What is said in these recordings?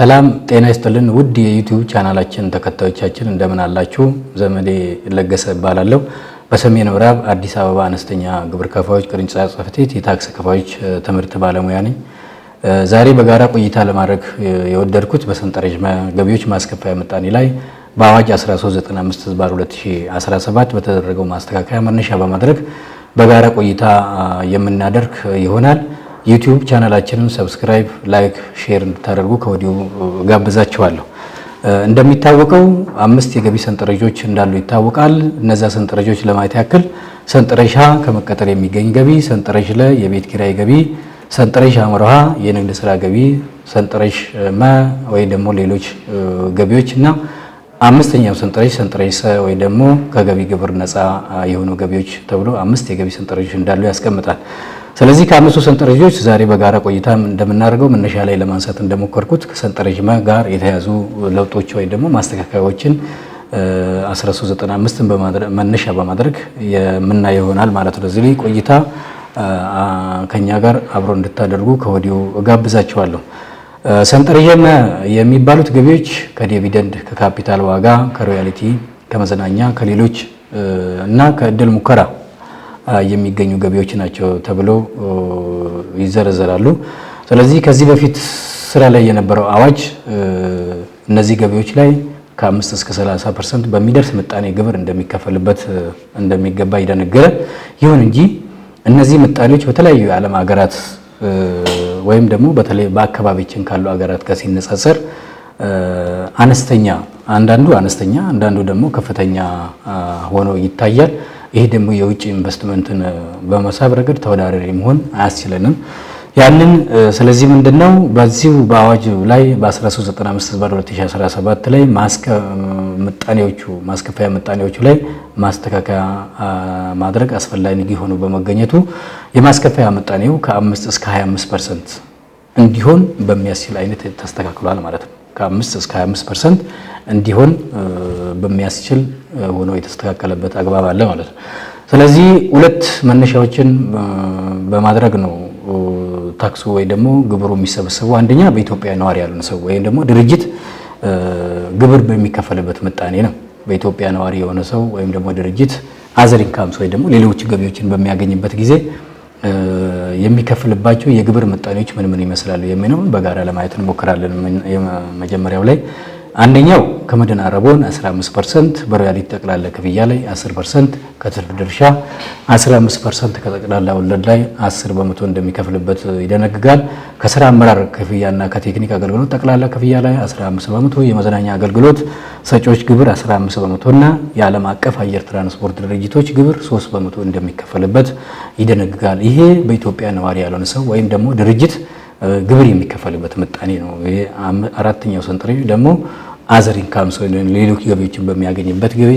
ሰላም ጤና ይስጥልን ውድ የዩቲዩብ ቻናላችን ተከታዮቻችን እንደምን አላችሁ? ዘመዴ ለገሰ እባላለሁ። በሰሜን ምዕራብ አዲስ አበባ አነስተኛ ግብር ከፋዮች ቅርንጫፍ ጽሕፈት ቤት የታክስ ከፋዮች ትምህርት ባለሙያ ነኝ። ዛሬ በጋራ ቆይታ ለማድረግ የወደድኩት በሰንጠረዥ ገቢዎች ማስከፈያ ምጣኔ ላይ በአዋጅ 1395 2017 በተደረገው ማስተካከያ መነሻ በማድረግ በጋራ ቆይታ የምናደርግ ይሆናል። ዩቲዩብ ቻናላችንን ሰብስክራይብ፣ ላይክ፣ ሼር እንድታደርጉ ከወዲሁ ጋብዛችኋለሁ። እንደሚታወቀው አምስት የገቢ ሰንጠረዦች እንዳሉ ይታወቃል። እነዛ ሰንጠረዦች ለማየት ያክል ሰንጠረዥ ሀ ከመቀጠር የሚገኝ ገቢ፣ ሰንጠረዥ ለ የቤት ኪራይ ገቢ፣ ሰንጠረዥ አምረሃ የንግድ ስራ ገቢ፣ ሰንጠረዥ መ ወይ ደግሞ ሌሎች ገቢዎች እና አምስተኛው ሰንጠረዥ ሰንጠረዥ ሰ ወይ ደግሞ ከገቢ ግብር ነፃ የሆኑ ገቢዎች ተብሎ አምስት የገቢ ሰንጠረዦች እንዳሉ ያስቀምጣል። ስለዚህ ከአምስቱ ሰንጠረዦች ዛሬ በጋራ ቆይታ እንደምናደርገው መነሻ ላይ ለማንሳት እንደሞከርኩት ከሰንጠረዥ ጋር የተያዙ ለውጦች ወይም ደግሞ ማስተካከያዎችን 1395ን መነሻ በማድረግ የምና ይሆናል ማለት ነው። እዚህ ቆይታ ከኛ ጋር አብሮ እንድታደርጉ ከወዲሁ እጋብዛችኋለሁ። ሰንጠረዥ የሚባሉት ገቢዎች ከዲቪደንድ፣ ከካፒታል ዋጋ፣ ከሮያሊቲ፣ ከመዝናኛ፣ ከሌሎች እና ከእድል ሙከራ የሚገኙ ገቢዎች ናቸው ተብሎ ይዘረዘራሉ። ስለዚህ ከዚህ በፊት ስራ ላይ የነበረው አዋጅ እነዚህ ገቢዎች ላይ ከአምስት እስከ 30 ፐርሰንት በሚደርስ ምጣኔ ግብር እንደሚከፈልበት እንደሚገባ ይደነገረ። ይሁን እንጂ እነዚህ ምጣኔዎች በተለያዩ የዓለም ሀገራት ወይም ደግሞ በተለይ በአካባቢችን ካሉ ሀገራት ጋር ሲነጻጸር አነስተኛ አንዳንዱ አነስተኛ አንዳንዱ ደግሞ ከፍተኛ ሆኖ ይታያል። ይሄ ደግሞ የውጭ ኢንቨስትመንትን በመሳብ ረገድ ተወዳዳሪ መሆን አያስችለንም። ያንን ስለዚህ ምንድነው በዚሁ በአዋጅ ላይ በ1395 2017 ላይ ምጣኔዎቹ ማስከፈያ ምጣኔዎቹ ላይ ማስተካከያ ማድረግ አስፈላጊ ሆኖ በመገኘቱ የማስከፈያ ምጣኔው ከ5 እስከ 25 ፐርሰንት እንዲሆን በሚያስችል አይነት ተስተካክሏል ማለት ነው። ከ5 እስከ 25 ፐርሰንት እንዲሆን በሚያስችል ሆኖ የተስተካከለበት አግባብ አለ ማለት ነው። ስለዚህ ሁለት መነሻዎችን በማድረግ ነው ታክሱ ወይ ደግሞ ግብሩ የሚሰበሰቡ አንደኛ በኢትዮጵያ ነዋሪ ያሉን ሰው ወይም ደግሞ ድርጅት ግብር በሚከፈልበት ምጣኔ ነው። በኢትዮጵያ ነዋሪ የሆነ ሰው ወይም ደግሞ ድርጅት አዘር ኢንካምስ ወይ ደግሞ ሌሎች ገቢዎችን በሚያገኝበት ጊዜ የሚከፍልባቸው የግብር ምጣኔዎች ምን ምን ይመስላሉ የሚለውን በጋራ ለማየት እንሞክራለን። መጀመሪያው ላይ አንደኛው ከመድን አረቦን 15% በሪያሊት ጠቅላላ ክፍያ ላይ 10% ከትርፍ ድርሻ 15% ከጠቅላላ ወለድ ላይ 10 በመቶ እንደሚከፍልበት ይደነግጋል። ከስራ አመራር ክፍያና ከቴክኒክ አገልግሎት ጠቅላላ ክፍያ ላይ 15 በመቶ፣ የመዝናኛ አገልግሎት ሰጪዎች ግብር 15 በመቶና የዓለም አቀፍ አየር ትራንስፖርት ድርጅቶች ግብር 3 በመቶ እንደሚከፈልበት ይደነግጋል። ይሄ በኢትዮጵያ ነዋሪ ያልሆነ ሰው ወይም ደግሞ ድርጅት ግብር የሚከፈልበት ምጣኔ ነው። ይሄ አራተኛው ሰንጠረዥ ደግሞ አዘር ኢንካም ሌሎች ገቢዎችን በሚያገኝበት ገቢ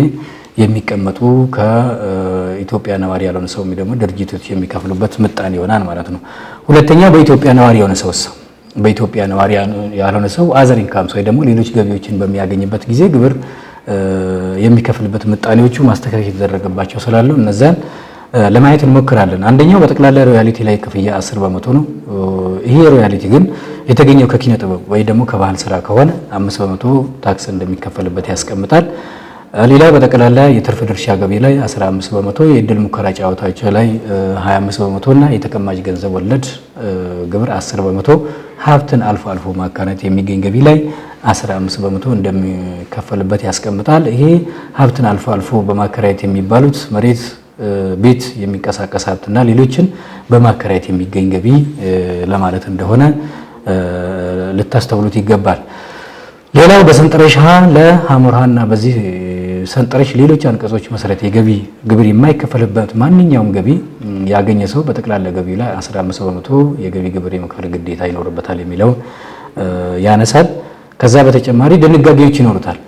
የሚቀመጡ ከኢትዮጵያ ነዋሪ ያልሆነ ሰው ደግሞ ድርጅቶች የሚከፍሉበት ምጣኔ ይሆናል ማለት ነው። ሁለተኛ በኢትዮጵያ ነዋሪ የሆነ ሰው በኢትዮጵያ ነዋሪ ያልሆነ ሰው አዘር ኢንካም ደግሞ ሌሎች ገቢዎችን በሚያገኝበት ጊዜ ግብር የሚከፍልበት ምጣኔዎቹ ማስተካከል የተደረገባቸው ስላሉ እነዛን ለማየት እንሞክራለን። አንደኛው በጠቅላላ ሮያሊቲ ላይ ክፍያ 10 በመቶ ነው። ይሄ ሮያሊቲ ግን የተገኘው ከኪነ ጥበብ ወይ ደግሞ ከባህል ስራ ከሆነ አምስት በመቶ ታክስ እንደሚከፈልበት ያስቀምጣል። ሌላ በጠቅላላ የትርፍ ድርሻ ገቢ ላይ 15 በመቶ የእድል ሙከራ ጨዋታዎች ላይ 25 በመቶ እና የተቀማጭ ገንዘብ ወለድ ግብር 10 በመቶ ሀብትን አልፎ አልፎ ማካነት የሚገኝ ገቢ ላይ 15 በመቶ እንደሚከፈልበት ያስቀምጣል። ይሄ ሀብትን አልፎ አልፎ በማከራየት የሚባሉት መሬት፣ ቤት፣ የሚንቀሳቀስ ሀብትና ሌሎችን በማከራየት የሚገኝ ገቢ ለማለት እንደሆነ ልታስተውሉት ይገባል። ሌላው በሰንጠረዥ ሀ ለሐመር በዚህ ሰንጠረዥ ሌሎች አንቀጾች መሰረት የገቢ ግብር የማይከፈልበት ማንኛውም ገቢ ያገኘ ሰው በጠቅላላ ገቢው ላይ 15 በመቶ የገቢ ግብር የመክፈል ግዴታ ይኖርበታል የሚለው ያነሳል። ከዛ በተጨማሪ ድንጋጌዎች ይኖሩታል።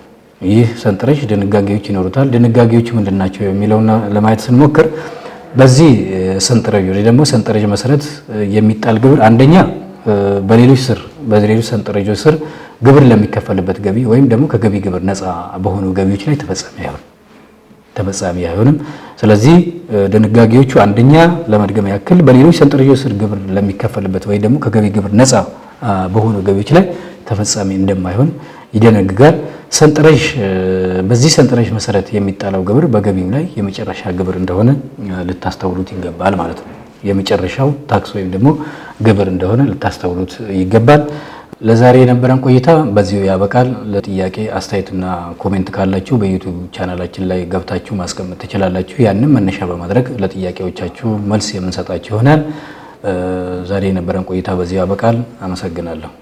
ይህ ሰንጠረዥ ድንጋጌዎች ይኖሩታል። ድንጋጌዎች ምንድን ናቸው የሚለውን ለማየት ስንሞክር በዚህ ሰንጠረዥ ወይ ደግሞ ሰንጠረዥ መሰረት የሚጣል ግብር አንደኛ በሌሎች ስር በሌሎች ሰንጠረዦች ስር ግብር ለሚከፈልበት ገቢ ወይም ደግሞ ከገቢ ግብር ነፃ በሆኑ ገቢዎች ላይ ተፈጻሚ አይሆንም ተፈጻሚ አይሆንም። ስለዚህ ድንጋጌዎቹ አንደኛ ለመድገም ያክል በሌሎች ሰንጠረዦች ስር ግብር ለሚከፈልበት ወይም ደግሞ ከገቢ ግብር ነፃ በሆኑ ገቢዎች ላይ ተፈጻሚ እንደማይሆን ይደነግጋል። ሰንጠረዥ በዚህ ሰንጠረዥ መሰረት የሚጣለው ግብር በገቢው ላይ የመጨረሻ ግብር እንደሆነ ልታስተውሉት ይገባል ማለት ነው። የመጨረሻው ታክስ ወይም ደግሞ ግብር እንደሆነ ልታስተውሉት ይገባል። ለዛሬ የነበረን ቆይታ በዚሁ ያበቃል። ለጥያቄ አስተያየትና ኮሜንት ካላችሁ በዩቱብ ቻናላችን ላይ ገብታችሁ ማስቀመጥ ትችላላችሁ። ያንም መነሻ በማድረግ ለጥያቄዎቻችሁ መልስ የምንሰጣችሁ ይሆናል። ዛሬ የነበረን ቆይታ በዚሁ ያበቃል። አመሰግናለሁ።